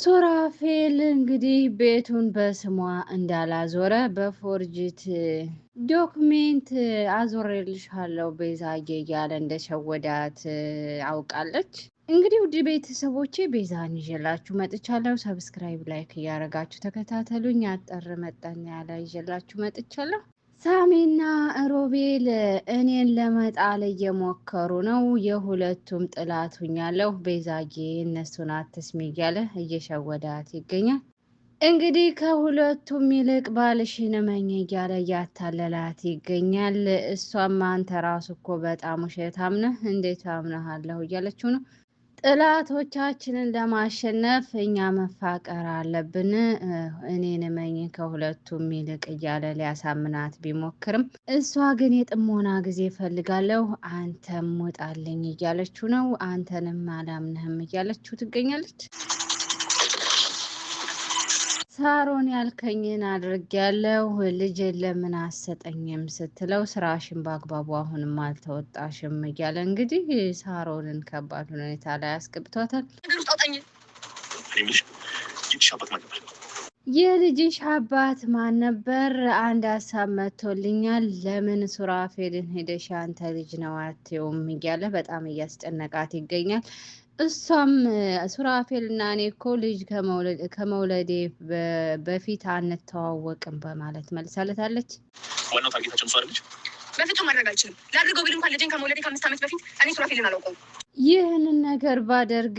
ሱራፌል እንግዲህ ቤቱን በስሟ እንዳላዞረ በፎርጅት ዶክሜንት አዞሬልሻለሁ ቤዛዬ እያለ እንደሸወዳት አውቃለች። እንግዲህ ውድ ቤተሰቦቼ ቤዛን ይዤላችሁ መጥቻለሁ። ሰብስክራይብ፣ ላይክ እያደረጋችሁ ተከታተሉኝ። አጠር መጠን ያለ ይዤላችሁ መጥቻለሁ። ሳሚና ሮቤል እኔን ለመጣል እየሞከሩ ነው። የሁለቱም ጥላት ሁኛለሁ። ቤዛጌ እነሱን አትስሚ እያለ እየሸወዳት ይገኛል። እንግዲህ ከሁለቱም ይልቅ ባልሽን እመኝ እያለ እያታለላት ይገኛል። እሷም አንተ ራሱ እኮ በጣም ውሸታም ነህ፣ እንዴት አምነሃለሁ እያለችው ነው። ጥላቶቻችንን ለማሸነፍ እኛ መፋቀር አለብን። እኔን መኝ ከሁለቱም ይልቅ እያለ ሊያሳምናት ቢሞክርም እሷ ግን የጥሞና ጊዜ ፈልጋለሁ፣ አንተም ውጣልኝ እያለችው ነው። አንተንም አላምንህም እያለችው ትገኛለች። ሳሮን ያልከኝን አድርጌያለሁ ልጄን ለምን አሰጠኝም ስትለው ስራሽን በአግባቡ አሁንም አልተወጣሽም እያለ እንግዲህ ሳሮንን ከባድ ሁኔታ ላይ አስገብቷታል። የልጅሽ አባት ማን ነበር? አንድ ሀሳብ መጥቶልኛል። ለምን ሱራፌልን ሄደሽ አንተ ልጅ ነው አትይውም እያለ በጣም እያስጨነቃት ይገኛል። እሷም ሱራፌልና እኔ እኮ ልጅ ከመውለዴ በፊት አንተዋወቅም በማለት መልሳለታለች። ዋናው ታርጌታችን እሷ አለች። በፍጹም ማድረግ አልችልም። ላድርገው ቢል እንኳን ልጅን ከመውለዴ ከአምስት ዓመት በፊት እኔ ሱራፌልን አላውቀውም። ይህንን ነገር ባደርግ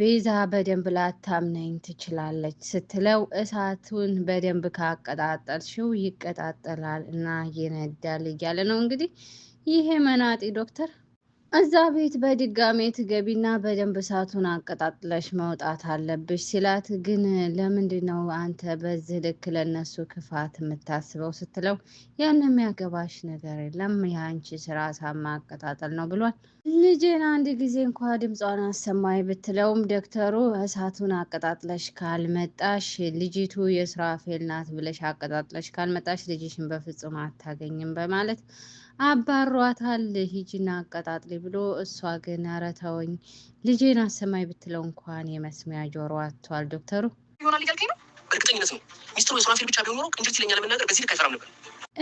ቤዛ በደንብ ላታምነኝ ትችላለች ስትለው እሳቱን በደንብ ካቀጣጠልሽው ይቀጣጠላል እና ይነዳል እያለ ነው እንግዲህ ይሄ መናጢ ዶክተር እዛ ቤት በድጋሜ ትገቢና በደንብ እሳቱን አቀጣጥለሽ መውጣት አለብሽ ሲላት፣ ግን ለምንድን ነው አንተ በዚህ ልክ ለእነሱ ክፋት የምታስበው ስትለው፣ ያን የሚያገባሽ ነገር የለም የአንቺ ስራ ሳማ አቀጣጠል ነው ብሏል። ልጄን አንድ ጊዜ እንኳ ድምጿን አሰማኝ ብትለውም ዶክተሩ እሳቱን አቀጣጥለሽ ካልመጣሽ ልጅቱ የስራ ናት ብለሽ አቀጣጥለሽ ካልመጣሽ ልጅሽን በፍጹም አታገኝም በማለት አባሯታል ሂጂና አቀጣጥሊ ብሎ እሷ ግን ኧረ ተወኝ ልጄን አሰማኝ ብትለው እንኳን የመስሚያ ጆሮ አጥቷል። ዶክተሩ ይሆናል ነው? እርግጠኝነት ነው የሱራፌል ብቻ ቢሆን ኖሮ በዚህ ልክ ነበር።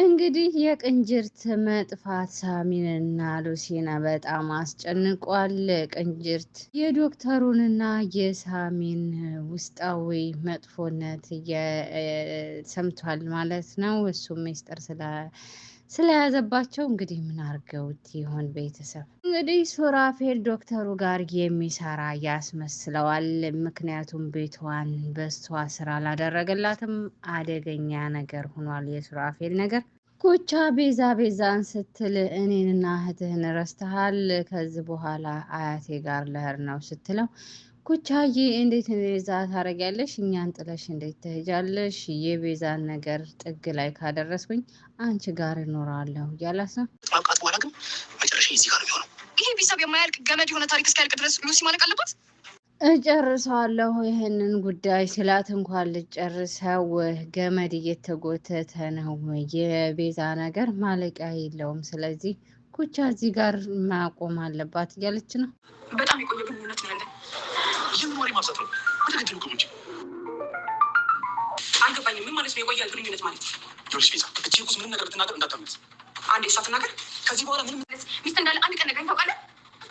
እንግዲህ የቅንጅርት መጥፋት ሳሚንና ሉሲና በጣም አስጨንቋል። ቅንጅርት የዶክተሩንና የሳሚን ውስጣዊ መጥፎነት ሰምቷል ማለት ነው። እሱም ሚስጥር ስለ ስለያዘባቸው እንግዲህ ምን አርገውት ይሆን? ቤተሰብ እንግዲህ ሱራፌል ዶክተሩ ጋር የሚሰራ ያስመስለዋል። ምክንያቱም ቤቷን በስቷ ስራ አላደረገላትም። አደገኛ ነገር ሆኗል የሱራፌል ነገር። ጎቻ ቤዛ ቤዛን ስትል እኔንና እህትህን ረስተሃል፣ ከዚህ በኋላ አያቴ ጋር ልሄድ ነው ስትለው ኩቻዬ እንዴት ቤዛ ታደርጊያለሽ? እኛን ጥለሽ እንዴት ትሄጃለሽ? የቤዛን ነገር ጥግ ላይ ካደረስኩኝ አንቺ ጋር እኖራለሁ እያላት ነው። ማብቃት በኋላ ግን መጨረሻ ጋር የሚሆነው ይሄ የማያልቅ ገመድ የሆነ ታሪክ እስኪያልቅ ድረስ ሉሲ ማለቅ አለባት። እጨርሰዋለሁ ይህንን ጉዳይ ስላት እንኳን ልጨርሰው ገመድ እየተጎተተ ነው። የቤዛ ነገር ማለቂያ የለውም። ስለዚህ ኩቻ እዚህ ጋር ማቆም አለባት እያለች ነው። በጣም የቆየ ግንኙነት ነው ያለን ራስሽን ወሬ ማብዛት ነው። በተከትሉ ግቡ እንጂ አልገባኝም። ምን ማለት ነው የቆያል ግንኙነት ማለት? ጆርጅ ቤዛ እቺ ኩስ ምንም ነገር ብትናገር እንዳታምነት። አንዴ ሳትናገር ከዚህ በኋላ ምንም ሚስት እንዳለ አንድ ቀን ነገር ታውቃለህ።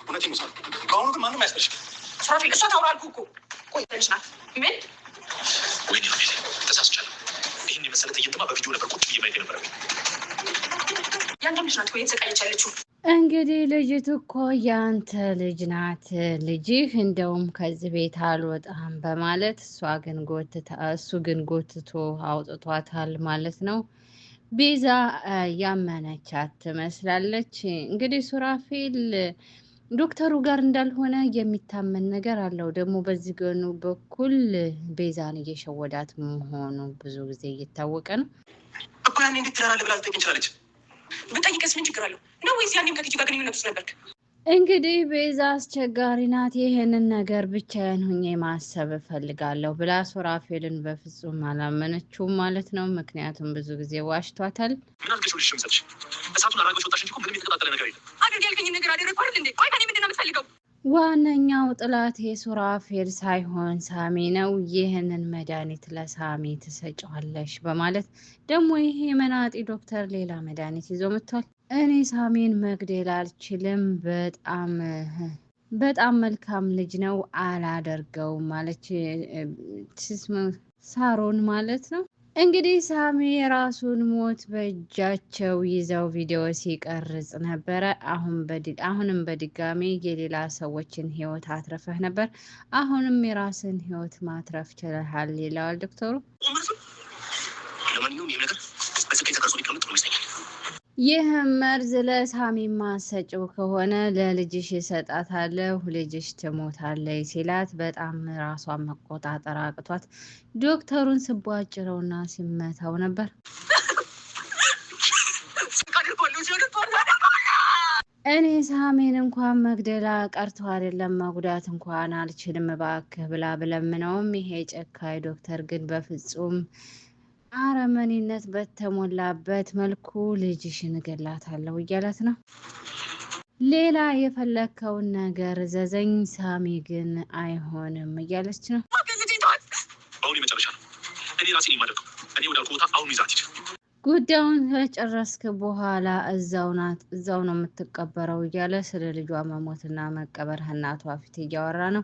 እውነት ይመስል በአሁኑ ግን ማንም አያስጠርሽ። ስራፊ እሷ ታውራ አልኩ እኮ ቆይ ልጅ ናት። ምን ወይ ወይኔ ሆኔ ተሳስቻለሁ። ይህን የመሰለ ትዕይንትማ በቪዲዮ ነበር ቁጭ ብዬ ማየት የነበረብኝ። ያንዳንድ ልጅ ናት ወይ የተሰቃየች ያለችው እንግዲህ ልጅቱ እኮ ያንተ ልጅ ናት፣ ልጅህ እንደውም ከዚህ ቤት አልወጣም በማለት እሷ ግን ጎትታ እሱ ግን ጎትቶ አውጥቷታል ማለት ነው። ቤዛ ያመነቻት ትመስላለች። እንግዲህ ሱራፌል ዶክተሩ ጋር እንዳልሆነ የሚታመን ነገር አለው። ደግሞ በዚህ ገኑ በኩል ቤዛን እየሸወዳት መሆኑ ብዙ ጊዜ እየታወቀ ነው እኮ ያኔ እንዴት ብላ ልጠይቅ እንችላለች ብጠይቀስ ምን ችግር አለው? ነው ወይስ ያኔም ከልጅ ጋር ግንኙነት ውስጥ ነበርክ? እንግዲህ ቤዛ አስቸጋሪ ናት። ይህንን ነገር ብቻዬን ሁኜ ማሰብ እፈልጋለሁ ብላ ሱራፌልን በፍጹም አላመነችውም ማለት ነው። ምክንያቱም ብዙ ጊዜ ዋሽቷታል። እሳቱን አራግበሽ ወጣሽ እንጂ ምንም የተቀጣጠለ ነገር የለም። አድርግ ያልከኝን ነገር አደረግኩ አይደል እንዴ? ቆይ ከእኔ ምንድን ነው የምትፈልገው? ዋነኛው ጥላት የሱራፌል ሳይሆን ሳሚ ነው። ይህንን መድኃኒት ለሳሚ ትሰጫዋለሽ በማለት ደግሞ ይሄ የመናጢ ዶክተር ሌላ መድኃኒት ይዞ መጥቷል። እኔ ሳሚን መግደል አልችልም፣ በጣም በጣም መልካም ልጅ ነው፣ አላደርገውም ማለች ሳሮን ማለት ነው። እንግዲህ ሳሚ የራሱን ሞት በእጃቸው ይዘው ቪዲዮ ሲቀርጽ ነበረ። አሁንም በድጋሚ የሌላ ሰዎችን ህይወት አትረፈህ ነበር፣ አሁንም የራስን ህይወት ማትረፍ ችለሃል ይለዋል ዶክተሩ። ይህ መርዝ ለሳሚ ሰጪው ከሆነ ለልጅሽ እሰጣታለሁ፣ ልጅሽ ትሞታለች ሲላት በጣም ራሷን መቆጣጠር አቅቷት ዶክተሩን ስቧጭረውና ሲመታው ነበር። እኔ ሳሜን እንኳን መግደላ ቀርቶ አይደለም መጉዳት እንኳን አልችልም እባክህ ብላ ብለምነውም ይሄ ጨካኝ ዶክተር ግን በፍጹም አረመኔነት በተሞላበት መልኩ ልጅሽን እገላታለሁ እያላት ነው። ሌላ የፈለግከውን ነገር ዘዘኝ፣ ሳሚ ግን አይሆንም እያለች ነው። አሁን የመጨረሻ ነው። እኔ ራሴ እኔ ቦታ አሁን ይዛት ጉዳዩን ከጨረስክ በኋላ እዛው ናት እዛው ነው የምትቀበረው እያለ ስለ ልጇ መሞትና መቀበር እናቷ ፊት እያወራ ነው።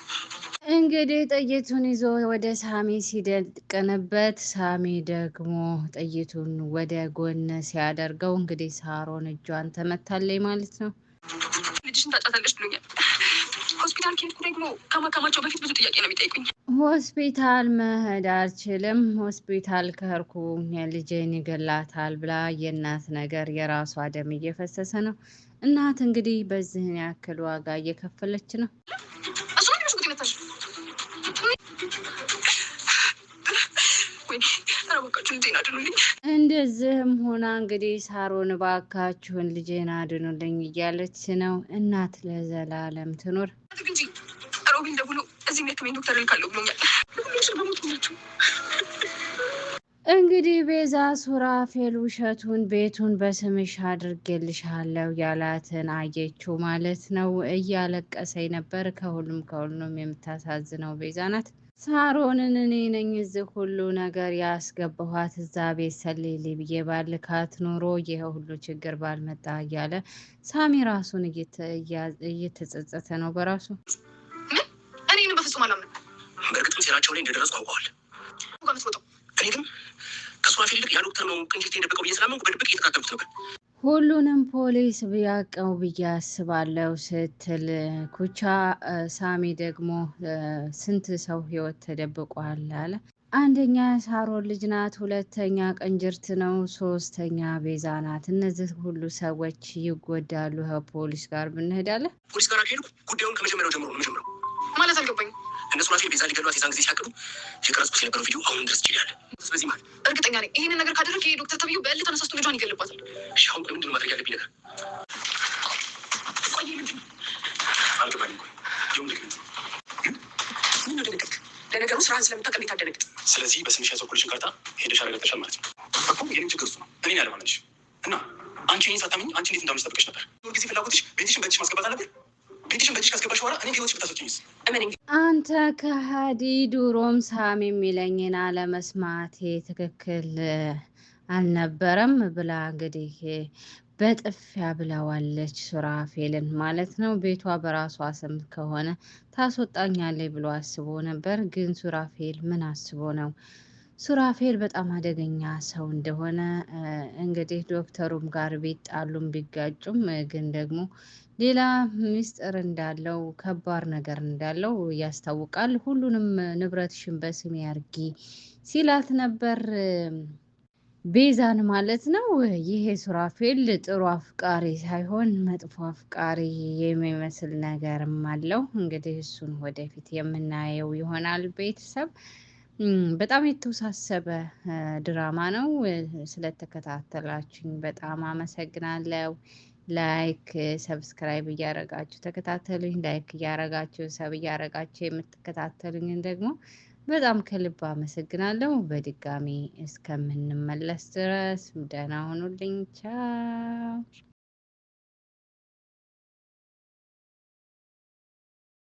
እንግዲህ ጥይቱን ይዞ ወደ ሳሚ ሲደቅንበት ሳሚ ደግሞ ጥይቱን ወደ ጎን ሲያደርገው እንግዲህ ሳሮን እጇን ተመታለይ ማለት ነው። ልጅሽን ታጫታለች ብሎኛል። ሆስፒታል ከሄድኩ ደግሞ ከማከማቸው በፊት ብዙ ጥያቄ ነው የሚጠይቁኝ። ሆስፒታል መሄድ አልችልም። ሆስፒታል ከርኩ ልጄን ይገላታል ብላ የእናት ነገር የራሷ ደም እየፈሰሰ ነው እናት እንግዲህ በዚህን ያክል ዋጋ እየከፈለች ነው። እንደዚህም ሆና እንግዲህ ሳሮን እባካችሁን ልጄን አድኑልኝ እያለች ነው። እናት ለዘላለም ትኖር። ሮቢን ደውሎ እዚህ ዶክተር ልካለሁ ብሎኛል። እንግዲህ ቤዛ ሱራፌል ውሸቱን ቤቱን በስምሽ አድርጌልሻለሁ ያላትን አየችው ማለት ነው። እያለቀሰኝ ነበር። ከሁሉም ከሁሉም የምታሳዝነው ቤዛ ናት። ሳሮንን እኔ ነኝ እዚህ ሁሉ ነገር ያስገባኋት እዛ ቤት ሰሌሌ ብዬ ባልካት ኑሮ ይህ ሁሉ ችግር ባልመጣ እያለ ሳሚ ራሱን እየተጸጸተ ነው በራሱ እኔንም በፍጹም አላምን በእርግጥም ሴራቸው ላይ እንደደረሱ አውቀዋል ቅኝትም ከሷፊ ይልቅ ያ ዶክተር ነው ቅንጅት የደበቀው ብዬ ስላመንኩ በድብቅ እየተካተሉት ነበር። ሁሉንም ፖሊስ ቢያቀው ብዬ አስባለሁ ስትል ኩቻ ሳሚ ደግሞ ስንት ሰው ህይወት ተደብቋል አለ። አንደኛ ሳሮን ልጅ ናት፣ ሁለተኛ ቅንጅርት ነው፣ ሶስተኛ ቤዛ ናት። እነዚህ ሁሉ ሰዎች ይጎዳሉ። ፖሊስ ጋር ብንሄዳለን። ፖሊስ ጋር ጉዳዩን ከመጀመሪያው ጀምሮ ነው መጀመሪያው ማለት አልገባኝም። እነሱ ናቸው የቤዛ ሊገሏት የዛን ጊዜ ሲያቅዱ የቀረጽኩት የነበረው ቪዲዮ አሁን ድረስ ይችላል። በዚህ ማለት እርግጠኛ ነኝ ይህንን ነገር ካደረግ ይሄ ዶክተር ተብዬው በእልህ ተነሳስቶ ልጇን ይገልባታል። እሺ አሁን ምንድን ማድረግ ያለብኝ ነገር? ለነገሩ ስራህን ስለምታቀም እንዴት ስለዚህ በስምሽ ያዘኩልሽን ካርታ ሄደሽ አረጋግጠሻል ማለት ነው እኮ። የኔም ችግር እሱ ነው። እኔ ያለማለሽ እና አንቺ ይህን ሳታምኝ አንቺ እንዴት እንዳምሽ ጠብቀሽ ነበር? ጊዜ ፍላጎትሽ ቤትሽን በትሽ ማስገባት አለብን ቤትሽን በእጅሽ ካስገባሽ በኋላ ህይወትሽ አንተ ከሃዲ ድሮም ሳሚ የሚለኝን አለመስማቴ ትክክል አልነበረም ብላ እንግዲህ በጥፊያ ሱራ ሱራፌልን ማለት ነው። ቤቷ በራሷ ስም ከሆነ ታስወጣኛለች ብሎ አስቦ ነበር። ግን ሱራፌል ምን አስቦ ነው ሱራፌል በጣም አደገኛ ሰው እንደሆነ እንግዲህ ዶክተሩም ጋር ቢጣሉም ቢጋጩም ግን ደግሞ ሌላ ምስጢር እንዳለው ከባድ ነገር እንዳለው ያስታውቃል። ሁሉንም ንብረትሽን በስሜ አድርጊ ሲላት ነበር ቤዛን ማለት ነው። ይሄ ሱራፌል ጥሩ አፍቃሪ ሳይሆን መጥፎ አፍቃሪ የሚመስል ነገርም አለው። እንግዲህ እሱን ወደፊት የምናየው ይሆናል ቤተሰብ በጣም የተወሳሰበ ድራማ ነው። ስለተከታተላችሁኝ በጣም አመሰግናለሁ። ላይክ ሰብስክራይብ እያረጋችሁ ተከታተሉኝ። ላይክ እያረጋችሁ ሰብ እያረጋችሁ የምትከታተሉኝን ደግሞ በጣም ከልብ አመሰግናለሁ። በድጋሚ እስከምንመለስ ድረስ ደህና ሁኑልኝ። ቻው